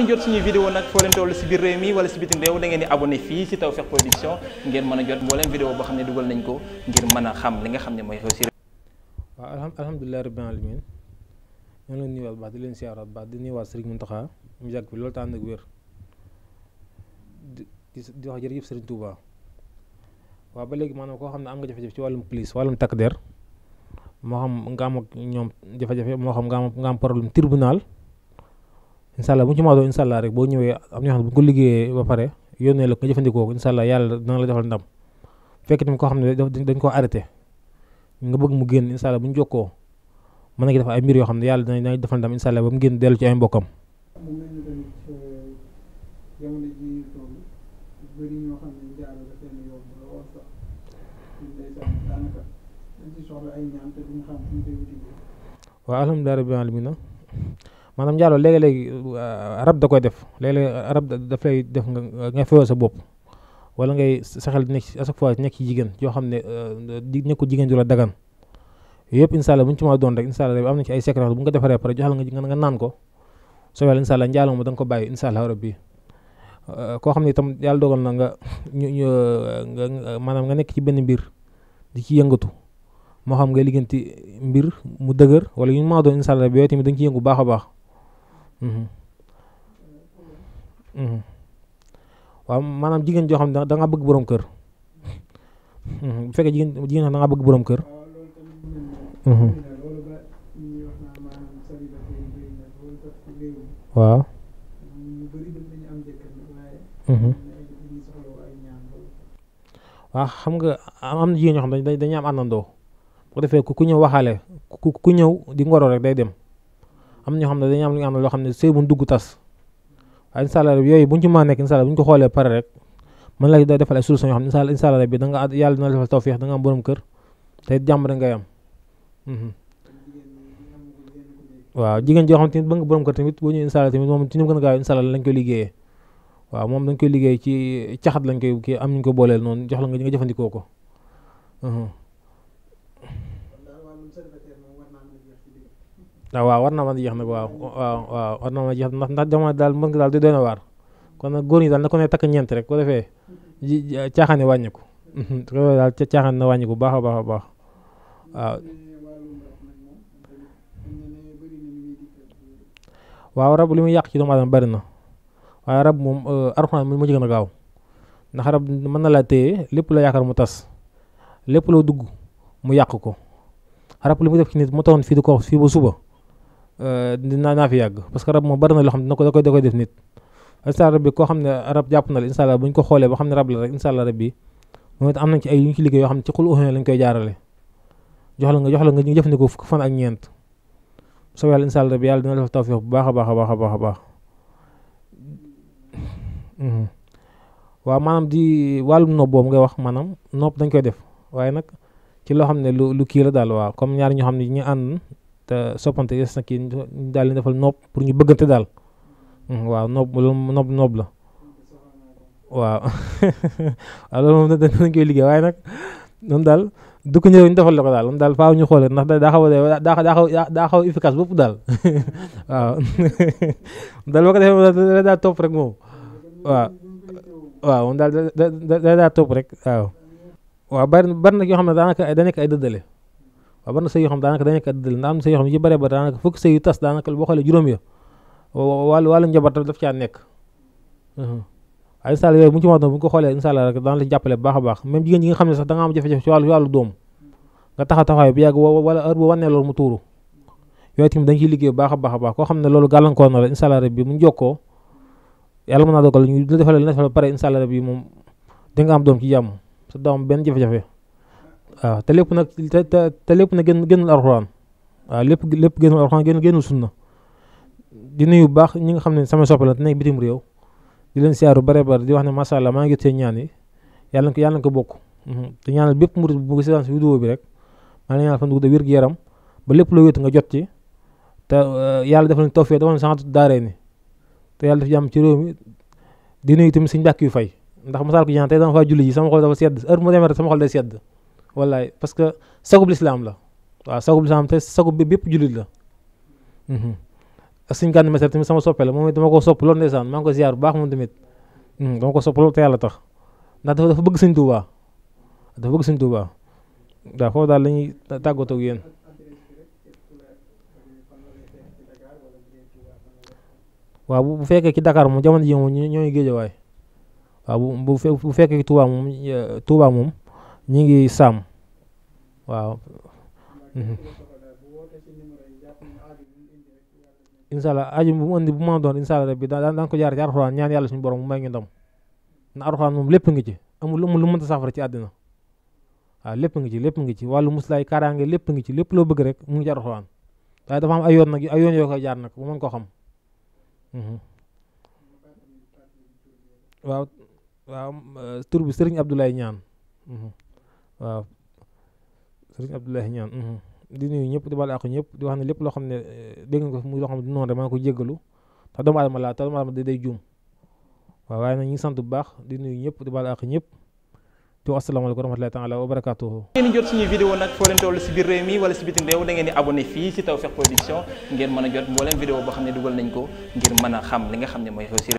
ngeen di jot suñuy vidéo nag foo si biir réew mi wala si bitim réew da ngeen di abonné fii si Tawfekh Production ngeen mën a jot mbooleem vidéo boo xam ne dugal nañ ko ngir mën a xam li nga xam ne mooy xew si réew waaw alhamdulilah rabbil alamin ñoo leen nuyuwaat baax di leen siyaaraat baax di nuyuwaat Serigne Mountakha mu yàgg fi loolu tànn ak wér di wax jërëjëf Serigne Touba waaw ba léegi maanaam koo xam ne am nga jafe-jafe ci wàllum police wàllum takk der moo xam nga am ak ñoom jafe-jafe moo xam nga am nga am problème tribunal incha allah bu ñu ci maatoo incha rek boo ñëwee am na ñoo xam ne bu ñu ko liggéeyee ba pare yónnee la nga jëfandikoo ko incha allah yàlla dana la defal ndam fekk tamit koo xam ne dañ ko arrêté nga bëgg mu génn incha allah bu ñu jokkoo mën na ci def ay mbir yoo xam ne yàlla dana dana defal ndam incha allah ba mu génn dellu ci ay mbokkam. Euh, waaw alhamdulilah rabbil alamin maanaam njaaloo léegi-léegi euh, rab da koy def léegi-léegi rab daf lay def nga fewal sa bopp wala ngay saxel nekk à chaque nekk ci jigéen yoo xam ne euh, nekku jigéen ju la dagan yëpp incha allah bu ñu ci ma doon rek incha am na ci ay secret bu nga defaree pare joxal nga nga naan ko soo yàlla incha allah njaaloo ma da nga ko bàyyi incha allah rabbi euh, koo xam ne itam yàlla dogal na nga ñu maanaam nga nekk ci benn mbir di ci yëngatu moo xam nga liggéenti mbir mu dëgër wala ñu maa doon incha allah yooyu tamit da nga ci yëngu baax a baax Mhm. Mhm. waaw maanaam jigéen joo xam ne da nga bëgg boroom kër mhm. bu fekkee jigéen jigéen bëgg borom kër waaw xam nga am na jigéen ñoo xam ne dañuy am àndandoo bu ko ku ñëw waxaale ku ñëw di ngoro rek day dem am na ñoo xam ne dañ am lu ñu am loo xam ne sëy bu dugg tas waaye incha yooyu bu ñu ci mën a nekk incha allah ñu ko xoolee pare rek mën la da defal ay solution yoo xam ne incha allah bi da nga yàlla dina defal tawfeex da nga am borom kër te jàmm rek ngay am mhm. waaw jigéen joo xam tamit ba nga borom kër tamit boo ñëwee incha allah tamit moom ci ñu gën a gaaw incha allah lañ koy liggéeyee waaw moom dañ koy liggéey ci caxat lañ koy kii am ñu ko booleel noonu jox la nga nga jëfandikoo ko mhm. Ah, waaw war na mën a jeex nag waaw waaw waaw na mën daal mën nga a waar kon nag góor ñi daal na takk ñeent rek ko defee ji ah, caaxaan wàññiku mhm, su ko daal caaxaan a baax a baax waaw ah. waaw rab li muy yàq ci doomu aadama bari na waaye rab moom euh, Alxuraan mu gën a gaaw ndax rab mën na laa téye lépp la yaakaar mu tas lépp loo dugg mu yàq ko rab li mu def ci nit mu tawoon fii di ko fii ba suba Euh, dinaa naa fi yàgg parce rab moom bari na loo xam ne dina ko da koy da koy def nit incha allah bi ko xam ne rab jàpp na la incha ko xoolee ba xam ne rab la rek incha allah rab bi moom it am nañ ci ay yu ñu ci liggéey yoo xam ne ci xul uxune lañ koy jaarale jox la nga jox la nga ñu jëfandikoo fukk fan ak ñeent soo yàlla incha allah rab bi yàlla dina def tawfiq bu baax a baax a baax a baax a baax mm-hmm. waaw maanaam di wàllum nopp boobu ngay wax maanaam nopp dañ koy def waaye nag ci loo xam ne lu lu kii la daal waaw comme ñaari ñoo xam ne ñu ànd te soppante des na kii ñu daal leen defal nopp pour ñu bëggante daal hmm, waaw nopp nopp nopp la waaw waaw loolu moom danañ koy liggéey waaye nag noonu daal la ko daal moom daal faaw ñu a daa xaw efficace bopp daal waaw daal boo ko defee moom rek mo waaw waaw moom daal da da daa rek waaw waaw bari bari nag yoo xam ne daanaka ay war na sëy yoo xam daanaka dañu ko ëddal ndax am na sëy yoo xam ne yu bare daanaka fukk sëy yu tas daanaka boo xoolee juróom ya wàllu wàllu njaboot daf caa nekk ay insalla yooyu mu ci wax bu ñu ko xoolee insha allah rek daan la jàppale baax a baax même jigéen ñi nga xam ne sax da nga am jafe-jafe ci wàllu wàllu doom nga taxaw mu dañ ciy liggéey bu baax a baax koo xam ne loolu gàllankoor na la insha allah rek bi mu jokkoo yàlla mën naa la defal la defal ba pare insha allah bi moom di nga am doom ci jàmm sa doom benn jafe-jafe waaw ah, te lépp nag te te lépp nag génn génnul alxuraan waaw ah, lépp lépp génnul alxuraan génn génnul sunna di nuyu bu baax ñi nga xam ne sama soppe la te nekk bitim réew di leen siyaaru bare bare di wax ne macha allah maa ngi seen ñaan yi yàlla na ko yàlla ko bokk mhm. te ñaanal bépp murid bu rek maa ngi ñaanal fan yaram ba lépp loo wéetu nga jot ci te eh, yàlla dafa leen tawfeex dafa leen sant daaree ci réew mi di nuyu tamit yu fay ndax masaal ko ñaan tey dama faa sama xol dafa sedd heure mu demee rek sama xol day sedd wallaay parce que sagub lislaam la waaw sagub lislaam te sagub bi bépp jullit la mhm. ak suñu gànn mesel tamit sama soppe la moom dama ko sopp loolu ndeysaan ko ziar bu baax mhm, te yàlla tax ndax dafa bëgg sëñ Tuubaa la ñuy tàggatoo ak yéen waaw bu fekkee ci Dakar moom jamono ji moom ñooy géejawaay waaw bu fekkee ki Touba moom Touba moom ñi ngi sàmm waaw mhm. incha bu mu indi bu ma doon incha allah rabbi daan daan ko jaar ci arxuraan ñaan yàlla suñu borom mu may ñu ndam na arxuraan moom lépp ngi ci amul amul lu mënta saafara ci àddina waaw ngi ci lépp ngi ci wàllu muslaay kaaraange lépp ngi ci lépp loo bëgg mu ngi ci arxuraan waaye dafa am yoon nag ay yoon yoo koy jaar nag bu mën ko xam mhm. waaw waaw euh, tur bi Ñaan waaw sëriñ Abdoulaye ñaan mhm. di nuyu ñëpp di baal àq ñëpp di wax ne lépp loo xam ne eh, dégg nga ko muy loo xam ne du noonu rek maa ngi ko jéggalu tax doomu di nuyu ñëpp di baal àq ñëpp di wax asalaamaaleykum wa rahmatulahi taala wa barakaatuhu. ngeen jot suñuy vidéo nag foo leen toll si biir réew mi wala si bitim réew da di abonné fii si Tawfekh Production ngeen mën a jot mbooleem vidéo boo xam ne dugal nañ ko ngir mën a xam li xam ne mooy réussir.